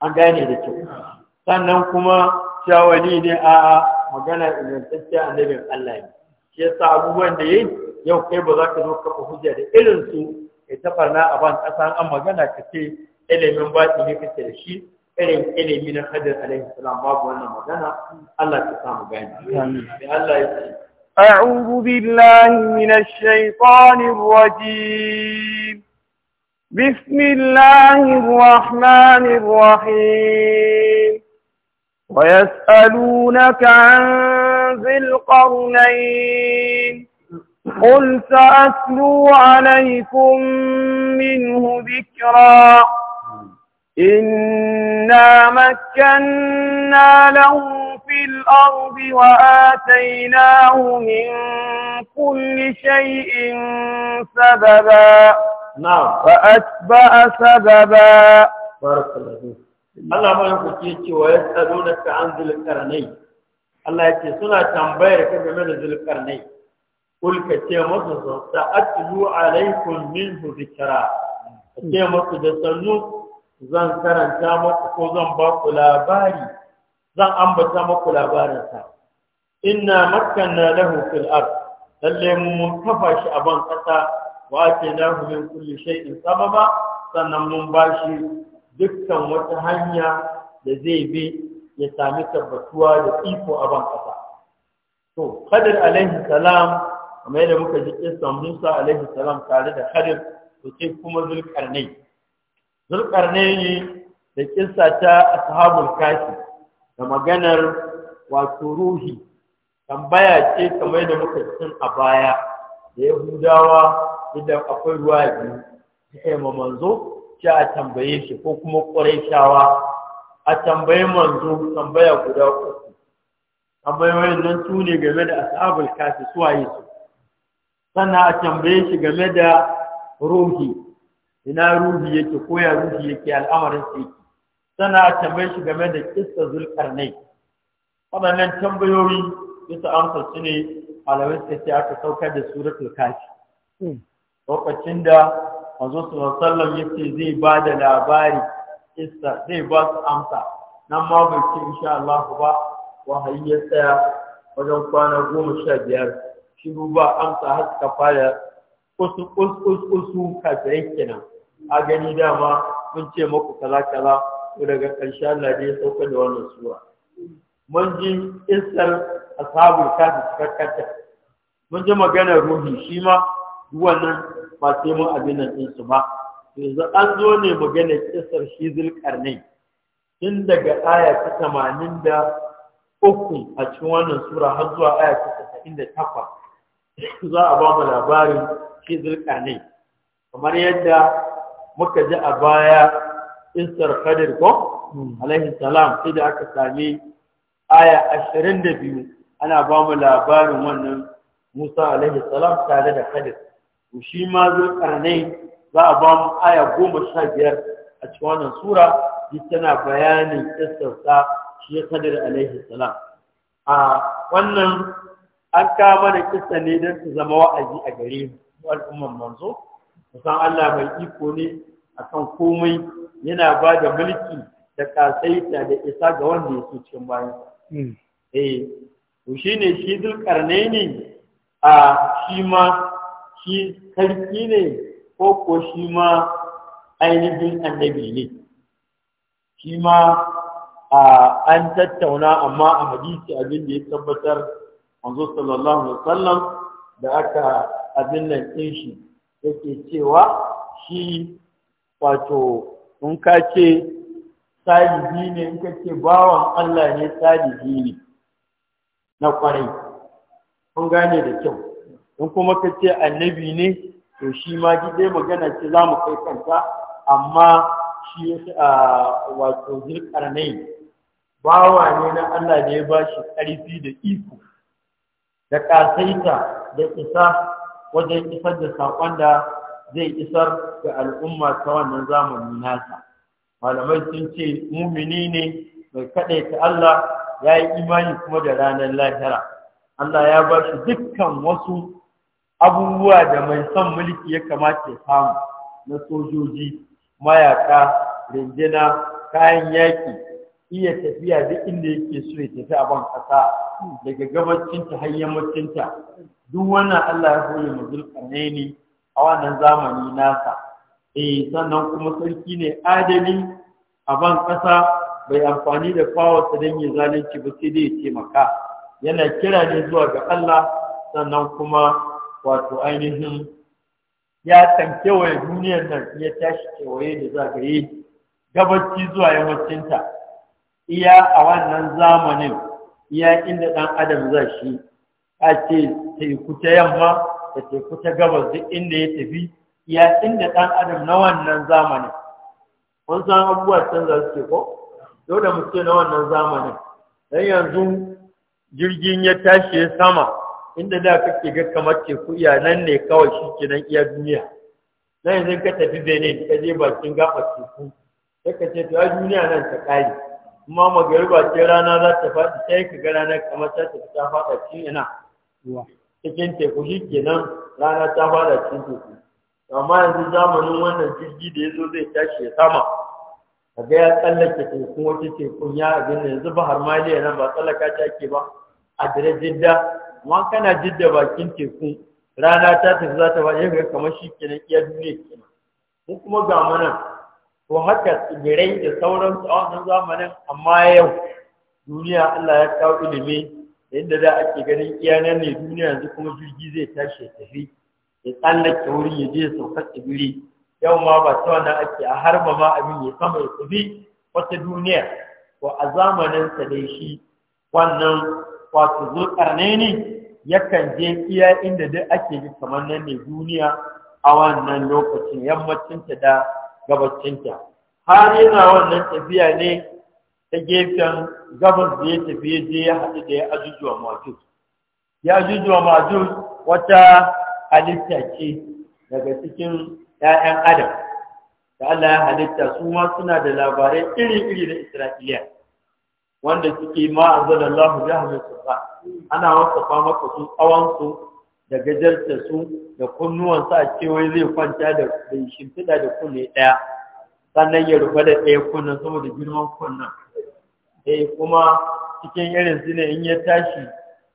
an gane da kyau sannan kuma shawali ne a magana ingantacciya annabin Allah ne shi sa abubuwan da yayi yau kai ba za ka zo kafa hujja da irin su kai a ban ƙasa? an magana ka ce ilimin ne kake da shi irin ilimi na Khadir alaihi salam babu wannan magana Allah ya samu gani amin Allah ya ce أعوذ بالله من الشيطان الرجيم بسم الله الرحمن الرحيم ويسألونك عن ذي القرنين قل سأتلو عليكم منه ذكرًا إنا مكنا له في الأرض وآتيناه من كل شيء سببا نعم فأتبع سببا بارك الله فيك Allah ma yanku ce cewa ya tsaro da ka an zulkarnai Allah ya ce suna tambayar ka game da zulkarnai Kulka ka ce musu sa'atlu alaikum minhu dhikra ce musu da sannu zan karanta maka ko zan ba ku labari zan ambata labarin labarinsa inna makkanna lahu fil ard lalle mun kafa shi a ban kasa wa atainahu min kulli shay'in sababa sannan mun bashi dukkan wata hanya da zai bi ya sami tabbatuwa da iko a ban kasa to khadir alaihi salam kamar yadda muka ji kissan Musa alaihi salam tare da khadir to sai kuma zulkarnai zulƙarnaini da kissa ta ashabul kafi da maganar wato ruhi tambaya ce kamar da muka cin a baya da yahudawa idan akwai ruwa biyu sai ma manzo shi a tambaye shi ko kuma shawa. a tambayi manzo tambaya guda uku tambayoyin nan su ne game da ashabul kafi suwaye su sannan a tambaye shi game da ruhi ina ruhi yake ko ya ruhi yake al'amarin sa yake sana tambaye shi game da kissa zulkarnai waɗannan tambayoyi bisa amsa su ne malamai sai ce aka saukar da suratul kafi hmm. lokacin da manzo sallallahu yace zai ba da labari kissa zai ba su amsa nan ma bai ce insha Allah ba wahayi ya tsaya wajen kwana goma sha biyar shiru ba amsa har suka fara kusu kusu kusu kenan a gani dama mun ce muku kala-kala ko daga ƙarshe Allah dai sauka da wannan sura mun ji isar ashabul kafi cikakkata mun ji maganar ruhi shi ma wannan ba sai mun abin nan ɗin su ba yanzu an zo ne maganar isar shi zulkarnai tun daga aya ta tamanin da uku a cikin wannan sura har zuwa aya ta tasa'in da takwas za a ba mu labarin shi zulkarnai kamar yadda muka ji a baya isar kadir ko alaihi salam sai da aka sami aya ashirin da ana ba mu labarin wannan musa alaihi salam tare da kadir to shi ma zo karne za a ba mu aya goma sha biyar a cikin wannan sura duk tana bayanin isarsa shi kadir alaihi salam a wannan an kama da kisa ne don su zama wa'azi a gare mu al'umman manzo kusan Allah mai iko ne akan komai yana ba da mulki da kasaita da isa ga wanda ya so cikin bayansa hmm. eh shi ne shi zulkarnai ne a shi ma shi sarki ne ko ko shi ma ainihin annabi ne shi ma an tattauna amma a hadisi abin da ya tabbatar manzo sallallahu alaihi wasallam da aka abin nan din shi yake cewa shi wato in ka ce salihi ne in ka ce bawan Allah ne salihi ne na kwarai kun gane da kyau in kuma ka ce annabi ne to shi ma dai magana ce za mu kai kanta amma shi a wato ne, bawa ne na Allah da ya ba shi ƙarfi da iko da ƙasaita da isa wajen isar da saƙon da zai isar ga al'umma ta wannan zamani nasa malamai sun ce mumini ne mai ta Allah ya yi imani kuma da ranar lahira Allah ya ba shi dukkan wasu abubuwa da mai son mulki ya kamata ya samu na sojoji mayaka rinjina kayan yaƙi iya tafiya duk inda yake so ya tafi a ban ƙasa daga gabacinta har yammacinta duk wannan Allah ya koyi mu zulkarnaini a wannan zamani nasa eh sannan kuma sarki ne adali a ban ƙasa bai amfani da fawarsa don ya zalunci ba sai dai ya taimaka yana kira ne zuwa ga Allah sannan kuma wato ainihin ya tankewa duniyar nan ya tashi kewaye da zagaye gabaci zuwa yammacinta iya a wannan zamanin iya inda ɗan adam za shi a ce teku ta yamma da teku ta gabas duk inda ya tafi iya inda ɗan adam na wannan zamanin kun san abubuwa su ce ko dole mu ce na wannan zamanin dan yanzu jirgin ya tashi ya sama inda da kake ga kamar teku iya nan ne kawai shi ke nan iya duniya nan yanzu ka tafi Benin ka je bakin gaɓar teku sai ka ce to a duniya nan ta ƙare kuma ba ce rana za ta faɗi sai ka ga rana kamar ta tafi ta faɗa cikin ina cikin teku shi ke nan rana ta faɗa cikin teku amma yanzu zamanin wannan jirgi da ya zo zai tashi ya sama ga ya tsallake teku wata tekun ya abin da yanzu bahar maliya nan ba tsallaka ta ke ba a dire jidda amma kana jidda bakin teku rana ta tafi za ta faɗi ga kamar shi nan iya duniya kenan mu kuma ga mana ko haka tsibirai da sauran tsawon zamanin amma yau duniya Allah ya kawo ilimi inda da ake ganin iyanar ne duniya yanzu kuma jirgi zai tashi ya tafi ya tsallake wurin ya je ya sauka tsibiri yau ma ba ta wannan ake a harba ma abin ya sama ya tafi wata duniya ko a zamanin sa dai shi wannan wato zulkarne ne yakan je iya inda duk ake ji kamar nan ne duniya a wannan lokacin yammacinta da gabacinta har yana wannan tafiya ne ta gefen gabas da ya tafi ya je ya haɗu da ya ajujuwa majus ya ajujuwa majus wata halitta ce daga cikin 'ya'yan adam da Allah ya halitta su ma suna da labarai iri-iri na Isra'iliya wanda suke ma'azalallahu jahilin sultan ana wasa fama su tsawon da gajarta su da kunnuwansa a cewa zai kwanta da shimfiɗa da kunne ɗaya sannan ya rufe da ɗaya kunnen saboda girman kunnen eh kuma cikin irin su ne in ya tashi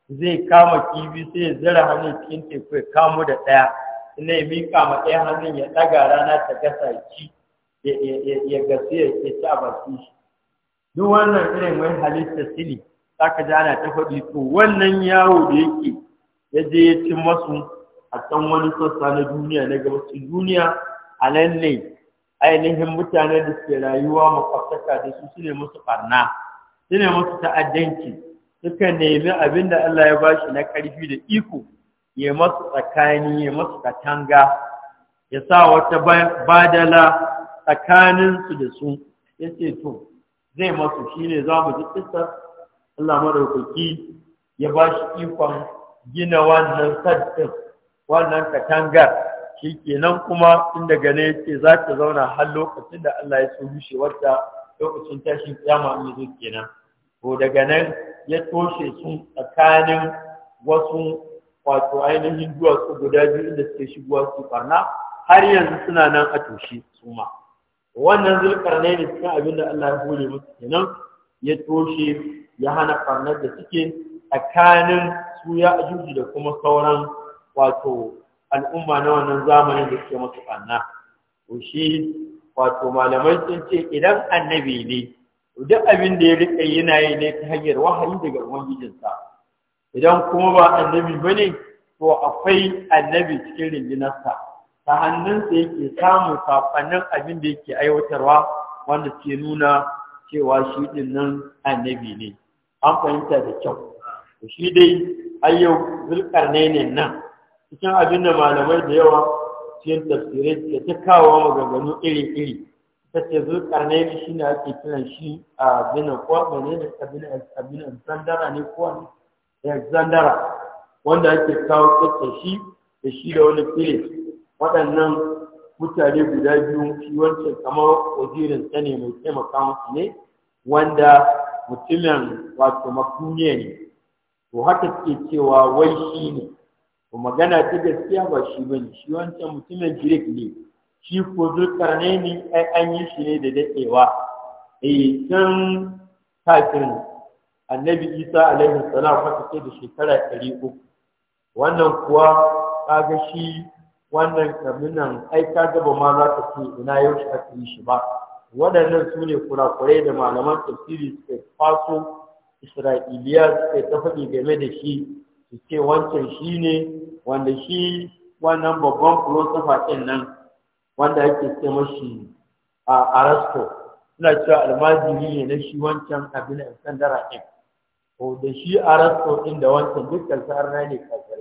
zai kama kibi sai ya zira hannun cikin teku ya kamo da ɗaya ina ya miƙa ma ɗaya hannun ya ɗaga rana ta gasa ci ya gasi ya ci a baki shi duk wannan irin wani halitta sili za ka ji ana ta faɗi to wannan yawo da yake ya je ya cin masu a kan wani sassa na duniya na gabacin duniya a nan ne ainihin mutanen da suke rayuwa makwabtaka da su su ne musu ɓarna su ne musu ta'addanci suka nemi abin da Allah ya ba shi na ƙarfi da iko ya masu tsakani ya masu katanga ya sa wata badala tsakaninsu da su ya ce to zai masu shi ne za mu ji kisa Allah madaukaki ya ba shi ikon gina wannan saddin wannan katangar shi kenan kuma inda gane yake za ta zauna har lokacin da Allah ya tsohushe wadda lokacin tashin kiyama mai zo kenan ko daga nan ya toshe su tsakanin wasu wato ainihin duwatsu guda biyu inda suke shigowa su barna har yanzu suna nan a toshe su ma wannan zulkarnai ne cikin abin da Allah ya hore musu kenan ya toshe ya hana farnar da suke tsakanin su ya ajuji da kuma sauran wato al'umma na wannan zamanin da ke masu ɓanna to shi wato malamai sun ce idan annabi ne duk abin da ya riƙe yana yi ne ta hanyar wahayi daga ubangijinsa idan kuma ba annabi ba ne to akwai annabi cikin rundunarsa ta hannunsa yake samun safannin abin da yake aiwatarwa wanda ke nuna cewa shi ɗin nan annabi ne an fahimta da kyau shi dai ayyau ne nan cikin abin da malamai da yawa cikin tafsirai da ta kawo maganganu iri-iri ta ce ne shi ne ake kiran shi a bina ko ne ne abin alexandara ne ko alexandara eh, wanda ake kawo tsakta shi da shi da wani fili waɗannan mutane guda biyu shi wancan kamar wazirin sani mai taimaka masu ne wanda mutumin wato makuniya ne to haka suke cewa wai shi ne to magana ta gaskiya ba shi ba ne shi wancan mutumin girik ne shi ko zulkarne ne ai an yi shi ne da daɗewa eh tun kafin annabi isa alaihi salam haka ce da shekara ɗari uku wannan kuwa kaga shi wannan kaminan ai ka gaba ma za ka ce ina yaushe ka yi shi ba waɗannan su ne kurakurai da malaman tafsiri suka faso isra'iliya suka ta faɗi game da shi su ce wancan shi ne wanda shi wannan babban filosofa ɗin nan wanda ake ce mashi a arasto suna cewa almajiri ne na shi wancan abin dara ɗin ko da shi arasto ɗin da wancan sa'ar alsarar ne kasar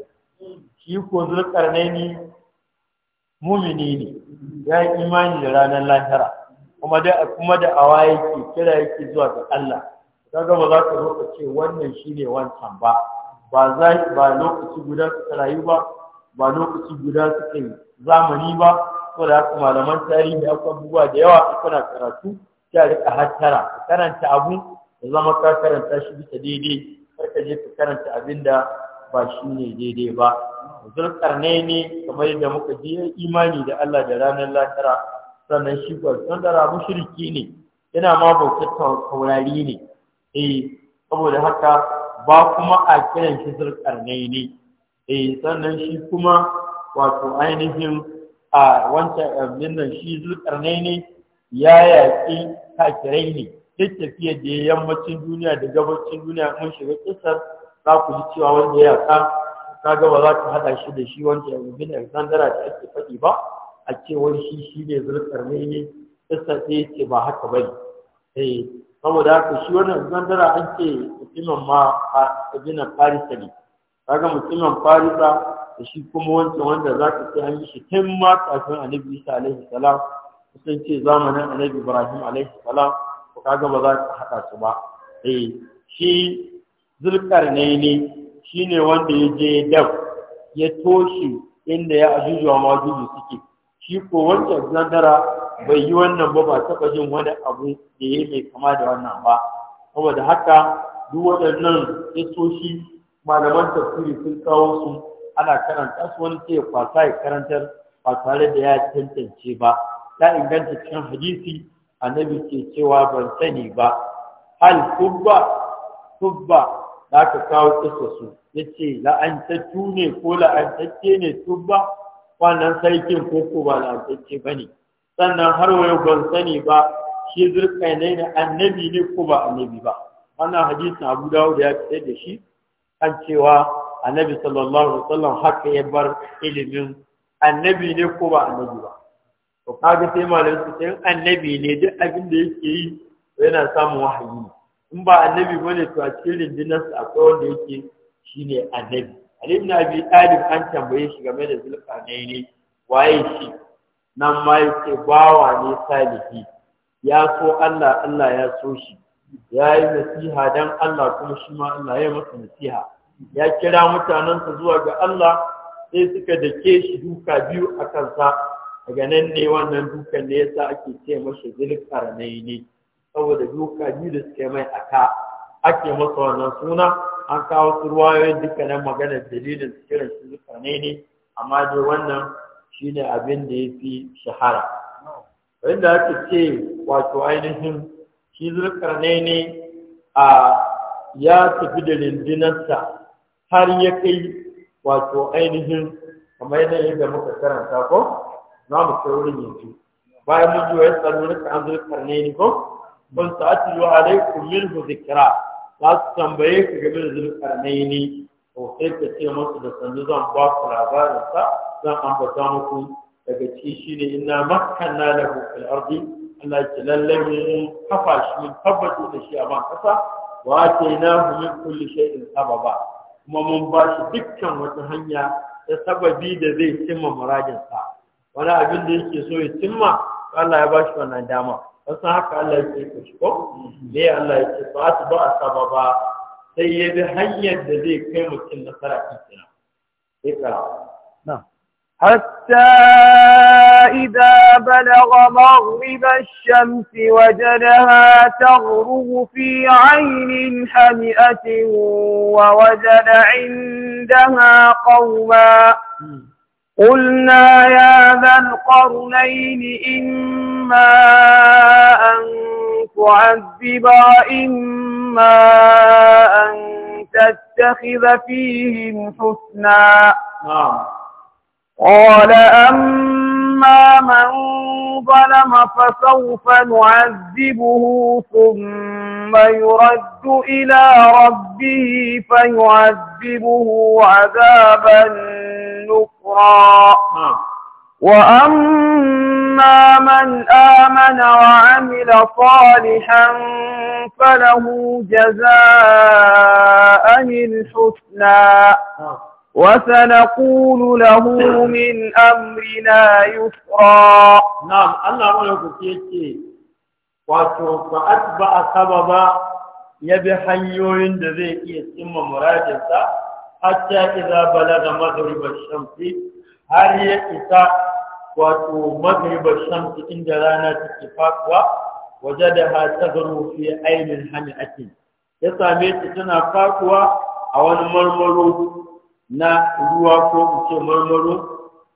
shi ko zulkarnai ne mumini ne ya yi imani da ranar lahira kuma da kuma da awa yake kira yake zuwa ga Allah kaga ba za ka zo ka ce wannan shine wancan ba ba za ba lokaci guda suka rayu ba ba lokaci guda suka yi zamani ba da haka malaman tarihi akwai abubuwa da yawa kana karatu ta rika hattara karanta abu ya zama ka karanta shi bisa daidai kar ka je ka karanta abin da ba shi ne daidai ba zulkarne ne kamar yadda muka je imani da Allah da ranar lahira sannan shi gwarsan da rabu shirki ne yana ma bautar taurari ne eh saboda haka ba kuma a kiran shi ne. eh sannan shi kuma wato ainihin a wancan abin nan shi ne ya yaƙi kakirai ne duk tafiyar da ya yammacin duniya da gabacin duniya mun shiga kisar za ku ji cewa wanda ya Ka ga ba za ka haɗa shi da shi wanda ya bin Alexandra da ake faɗi ba a ce shi shi ne zurkar ne ne kisa ce ba haka bane eh saboda haka shi wannan gandara an ce mutumin ma a kabinan farisa ne kaga mutumin farisa da shi kuma wancan wanda za ka ce an yi shi tun ma kafin annabi isa alaihi salam kusan ce zamanin annabi ibrahim alaihi salam ko kaga ba za ka haɗa su ba eh shi zulkarnaini shine wanda ya je dab ya toshe inda ya ajujuwa majuju suke shi ko wancan zandara bai yi wannan ba ba taɓa jin wani abu da ya mai kama da wannan ba saboda haka duk waɗannan isoshi malaman tafsiri sun kawo su ana karanta su wani sai kwasa ya karantar ba tare da ya tantance ba ta inganta cikin hadisi annabi ke cewa ban sani ba hal kubba kubba za ka kawo kisa su Ya ce la'antattu ne ko la'antacce ne tubba wannan sarkin ko ko ba la'antacce bane sannan har wayo ban sani ba shi zulkarnaini annabi ne ko ba annabi ba wannan hadisin Abu Dawud ya tsaye da shi kan cewa annabi sallallahu alaihi wasallam haka ya bar ilimin annabi ne ko ba annabi ba to kaga sai malamin su sai annabi ne duk abin da yake yi yana samun wahayi in ba annabi bane to a cikin rindinar sa akwai wanda yake shine annabi Ali bi Talib an tambaye shi game da ne waye shi nan ma yake bawa ne salihi ya so Allah Allah ya so shi ya yi nasiha dan Allah kuma shi ma Allah ya masa nasiha ya kira mutanensa zuwa ga Allah sai suka dake shi duka biyu a kansa daga nan ne wannan dukan ne yasa ake ce masa nayi ne saboda duka biyu da suka mai aka ake masa wannan suna an kawo su ruwayoyin dukkanin maganar dalilin su kiran shi zilkarnai ne amma dai wannan Shi ne abin da ya fi shahara da aka ce wato ainihin shi zulkarne ne a ya tafi da rindinarsa har ya kai wato ainihin kamar yanayin da muka karanta ko za mu sai wurin yanzu bayan mun ji wa yasa nuna ka an zulkarne ne ko ban yi wa min minhu zikra za su tambaye ka game da zulkarne ne to sai ka ce masu da sandu zan ba ku labarinsa zan ambata muku daga ciki ne inna makkanna lahu fil ardi Allah ya lalle mun kafa shi mun tabbata da shi a ban kasa wa atainahu min kulli shay'in sababa kuma mun ba shi dukkan wata hanya ta sababi da zai cimma muradin sa wani abin da yake so ya cimma Allah ya ba shi wannan dama wasan haka Allah ya ce shi ko ne Allah ya ce ba su ba sababa sai ya bi hanyar da zai kai mutum nasara cikin sai kara حتى إذا بلغ مغرب الشمس وجدها تغرب في عين حمئة ووجد عندها قوما قلنا يا ذا القرنين إما أن تعذب وإما أن تتخذ فيهم حسنا آه. قال أما من ظلم فسوف نعذبه ثم يرد إلى ربه فيعذبه عذابا نكرا وأما من آمن وعمل صالحا فله جزاء الحسنى وسنقول له من أمرنا يسرا نعم الله رأيك يتي wato ba a saba ba ya bi hanyoyin da zai iya cimma muradinsa hatta Bala da maghriba shamsi har ya isa wato maghriba shamsi inda rana take fakuwa wajadaha tazru fi ainin hami'atin ya same ta tana fakuwa a wani marmaro na ruwa ko ce marmaro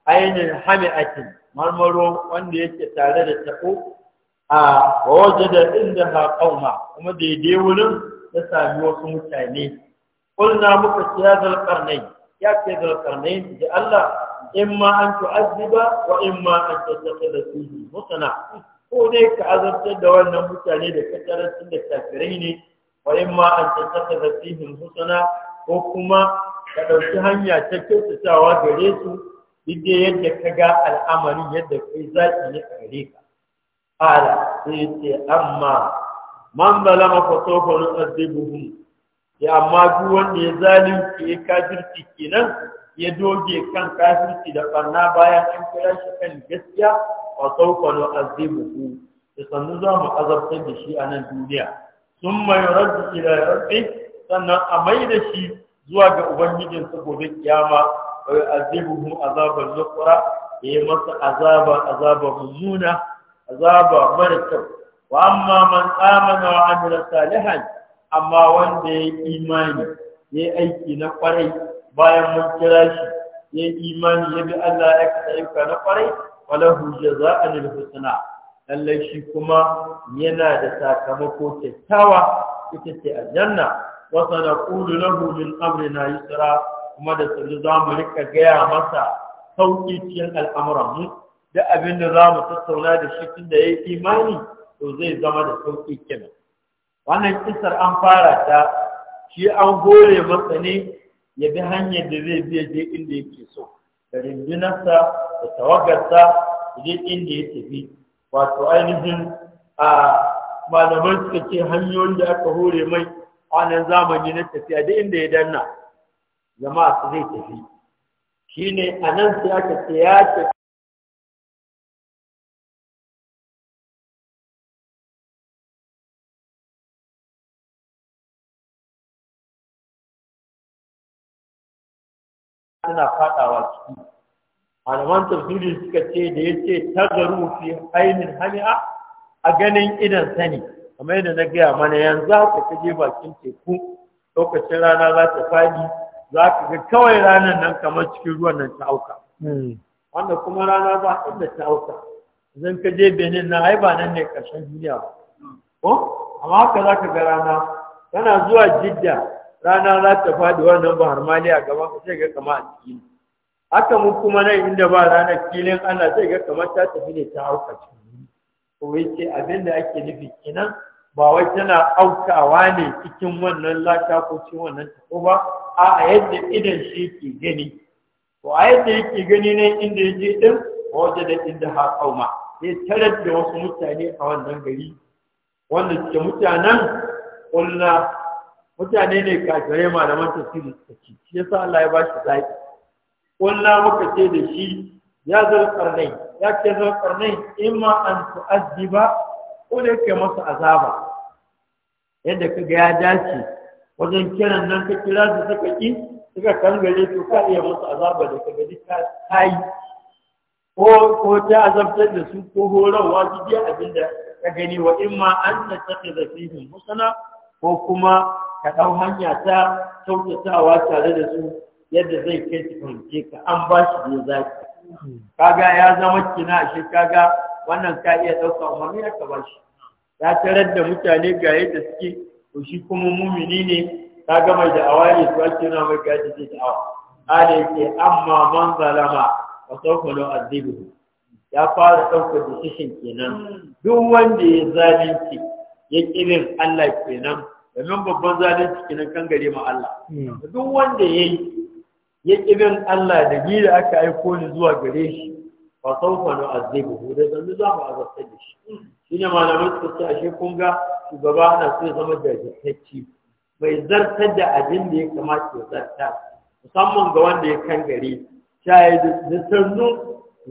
ainin hami'atin marmaro wanda yake tare da tabo a waje da inda ha kauma kuma daidai wurin ya sami wasu mutane kulna muka ce ya zalƙarnai ya ce zalƙarnai da Allah in ma an tu'azziba wa in ma an da fihi mutana ko dai ka azabtar da wannan mutane da sun da kafirai ne wa in ma an da fihi mutana ko kuma ka ɗauki hanya ta kyautatawa gare su duk yadda ka ga al'amarin yadda kai zaki yi a gare ka Ƙala, sai ce amma man maka fa sawfa buhu, ya amma duk wanda ya zali ya kafirci kenan ya doge kan kafirci da barna bayan an kira shi kan gaskiya fa sawfa buhu. da sannu za mu azabtar da shi a nan duniya sun mai raddu da rabbi sannan a mai da shi zuwa ga ubangijin su gobe kiyama wa yu'adhibuhu azaban ya yi masa azaba azaba mummuna azaba mara kyau wa amma man amana wa amila salihan amma wanda ya imani ya aiki na kwarai bayan mun kira shi ya imani ya bi Allah ya kada ayyuka na kwarai walahu jaza'an lil husna lallai shi kuma yana da sakamako kyakkyawa ita ce aljanna wa sanaqulu lahu min amrina yusra kuma da sanu za mu rika gaya masa sauki cikin al'amuran mu da abin da za mu tattauna da shi tun da ya yi imani to zai zama da sauki kenan wannan kisar an fara ta shi an hore masa ne ya bi hanyar da zai biya je inda yake so da rindinarsa da tawagarsa je inda ya tafi wato ainihin a malaman suka ce hanyoyin da aka hore mai wannan zamani na tafiya da inda ya danna jama'a su zai tafi shine anan sai aka ce ya ce suna fadawa ciki malaman tafsirin suka ce da ya ce ta garu fi ainin hami'a a ganin idan sani kamar yadda na gaya mana yanzu haka ka je bakin teku lokacin rana za ta fadi za ka ga kawai ranar nan kamar cikin ruwan nan ta auka hmm. wanda kuma rana za ba inda ta auka zan ka je benin na ai ba nan ne ƙarshen duniya ba ko amma haka za ka ga rana tana zuwa jidda rana za ta fadi wannan ba harmaliya gaba ka sai ga kama a ciki haka mu kuma nan inda ba ranar filin ana sai ga kamar ta tafi ne ta auka ciki ko yake abin da ake nufi kenan ba wai tana aukawa ne cikin wannan lata ko cikin wannan tako ba a yadda idan shi ke gani to a yadda yake gani ne inda ya je din waje da inda ha kauma sai tarar da wasu mutane a wannan gari wanda suke mutanen kulla mutane ne kafirai malaman tafsiri suka ci shi yasa Allah ya ba shi zaki kulla muka ce da shi ya zalkarnai ya ce zalkarnai imma an tu'addiba ko da yake masa azaba yadda ka ga ya dace wajen kiran nan ka kira su suka ki suka kangare to ka iya masa azaba da ka gani ka tayi ko ta azabtar da su ko horarwa su biya abin da ka gani wa in ma an ta tafi da fihim musana ko kuma ka ɗau hanya ta kyautatawa tare da su yadda zai kai su fahimce ka an ba shi da zaki kaga ya zama kina shi kaga wannan ka iya ɗaukar umarni aka ba shi ya tarar da mutane ga yadda suke to shi kuma mumini ne ta gama da awa ne su ake nuna mai gaji zai da awa ala yake amma man zalama wa sauƙalo azibu ya fara da shishin kenan duk wanda ya zalunci ya kirin Allah kenan domin babban zalunci kenan kan gare ma Allah hmm. duk wanda ya yi ya kirin Allah da ni da aka aiko ni zuwa gare shi fa sawfa nu'azzibuhu da sannu za mu azabtar da shi Shi shine malamai suka ce ashe kun ga shugaba ana so ya zama jajirtacci Mai zartar da abin da ya kamata ya zarta musamman ga wanda ya kan gari shayi da sannu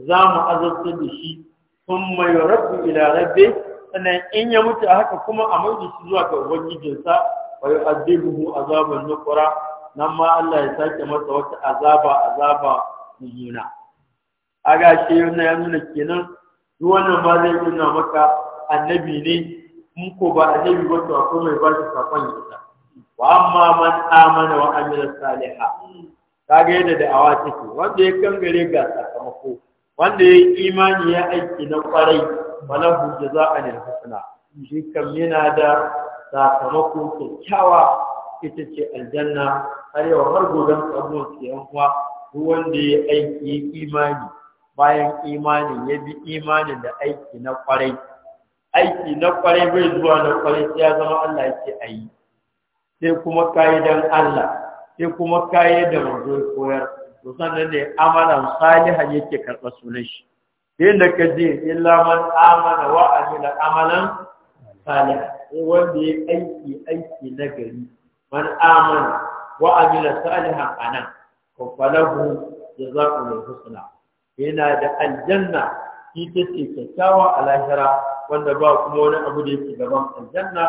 za mu azabtar da shi sun mai rabu ila rabbe sannan in ya mutu a haka kuma a mai shi zuwa ga ubangijinsa wa yu'azzibuhu azaban nukura nan ma Allah ya sake masa wata azaba azaba mummuna a gashe yana ya nuna kenan wannan ba zai nuna maka annabi ne in ko ba annabi ba to akwai mai ba sakon yasa wa amma man amana wa amila saliha kaga yadda da awa take wanda ya kangare ga sakamako wanda ya imani ya aiki na kwarai hujja za a ne hasana shi kam yana da sakamako kyakkyawa ita ce aljanna har yau har gobe ke yan kuwa duk wanda ya aiki imani bayan imanin ya bi imanin da aiki na kwarai aiki na kwarai bai zuwa na kwarai sai ya zama Allah ya ce a yi sai kuma kayi don Allah sai kuma kayi da manzo koyar to sannan ne amalan salihan yake karɓa sunan shi inda ka je illa man amana wa amila amalan salih sai wanda ya aiki aiki na gari man amana wa amila salihan anan ko falahu jazakumul husna yana da aljanna ita ce kyakkyawa a lahira wanda ba kuma wani abu da yake gaban aljanna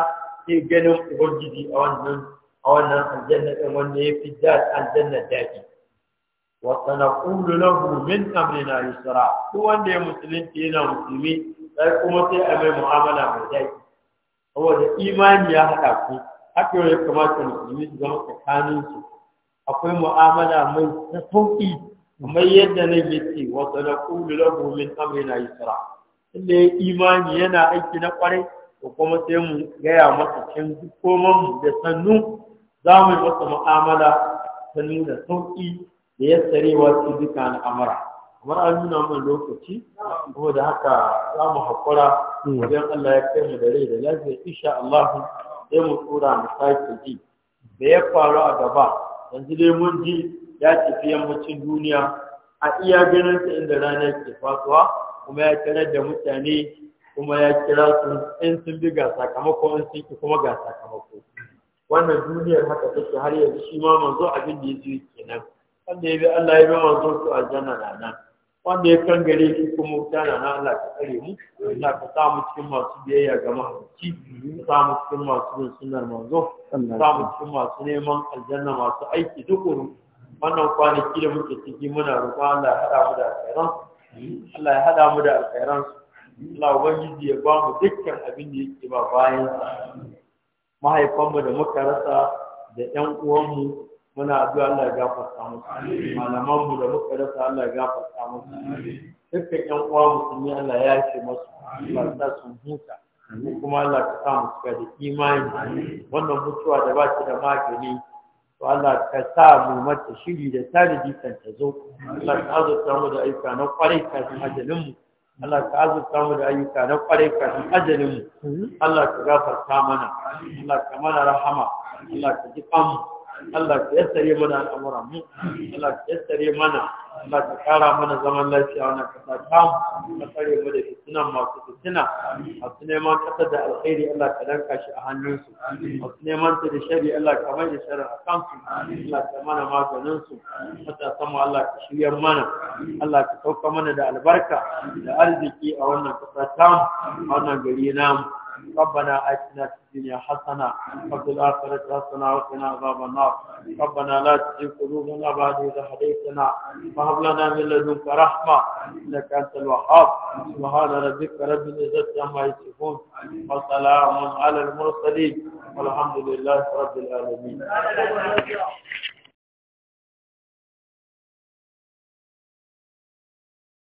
sai ganin ubangiji a wannan a wannan aljanna ɗin wanda ya fi da aljanna daji wa sanaqulu lahu min amrina yusra ko wanda ya musulunci yana musulmi sai kuma sai a mai mu'amala mai daɗi saboda imani ya haɗa ku haka ya kamata musulmi su zama tsakaninsu akwai mu'amala mai sauƙi kamar yadda nan yace wa sanaqulu lahu min yi tsara inda ya imani yana aiki na kwarai da kuma sai mu gaya masa cin koman mu da sannu za mu yi masa mu'amala ta nuna sauƙi da ya tsarewa su duka amara kamar an nuna min lokaci kuma da haka za mu haƙura wajen Allah ya kai mu da rai da lafiya insha Allah sai mu tura mu sake ji da ya faru a gaba yanzu dai mun ji ya tafi yammacin duniya a iya ganin sa inda rana ke fasuwa kuma ya kira da mutane kuma ya kira su in sun bi ga sakamako in sun ki kuma ga sakamako wannan duniyar haka take har yanzu shi ma manzo abin da ya ji kenan wanda ya bi Allah ya bi manzo su aljanna na wanda ya gare shi kuma wuta na Allah ka tsare mu Allah ka sa mu cikin masu biyayya ga mahaukaci ka sa mu cikin masu bin sunnar manzo sa mu cikin masu neman aljanna masu aiki dukuru wannan kwanaki da muke ciki muna roƙon Allah ya haɗa mu da alkhairan Allah ya haɗa mu da alkhairan Allah ubangiji ya ba mu dukkan abin da yake ba bayan mahaifanmu da muka rasa da ƴan uwanmu muna addu'a Allah ya gafarta malaman mu da muka rasa Allah ya gafarta mu dukkan ƴan uwa musulmi Allah ya yafe musu Allah ya sa huta kuma Allah ka sa mu cika da imani wannan mutuwa da ba ki da magani to Allah ka sa mu mata shiri da tarihi kan ta zo Allah ka azurta mu da ayyuka na kwarai kafin ajalin mu Allah ka azurta mu da ayyuka na kwarai kafin ajalin mu Allah ka gafarta mana Allah ka mana rahama Allah ka ji kanmu Allah ka yassare mana al'amura mu Allah ka yassare mana Allah ka kara mana zaman lafiya wannan kasa ta mu ka tsare mu da fitinan masu fitina masu neman kasar da alkhairi Allah ka danka shi a hannunsu masu neman ta da shari Allah ka mai da shari a kansu Allah ka mana maganin su matasan mu Allah ka shirya mana Allah ka sauka mana da albarka da arziki a wannan kasa ta mu a wannan gari na namu ربنا آتنا في الدنيا حسنة وفي الآخرة حسنة وقنا عذاب النار ربنا لا تزغ قلوبنا بعد إذا هديتنا وهب لنا من لدنك رحمة إنك أنت الوهاب سبحان ربك رب العزة عما يصفون وسلام على المرسلين والحمد لله رب العالمين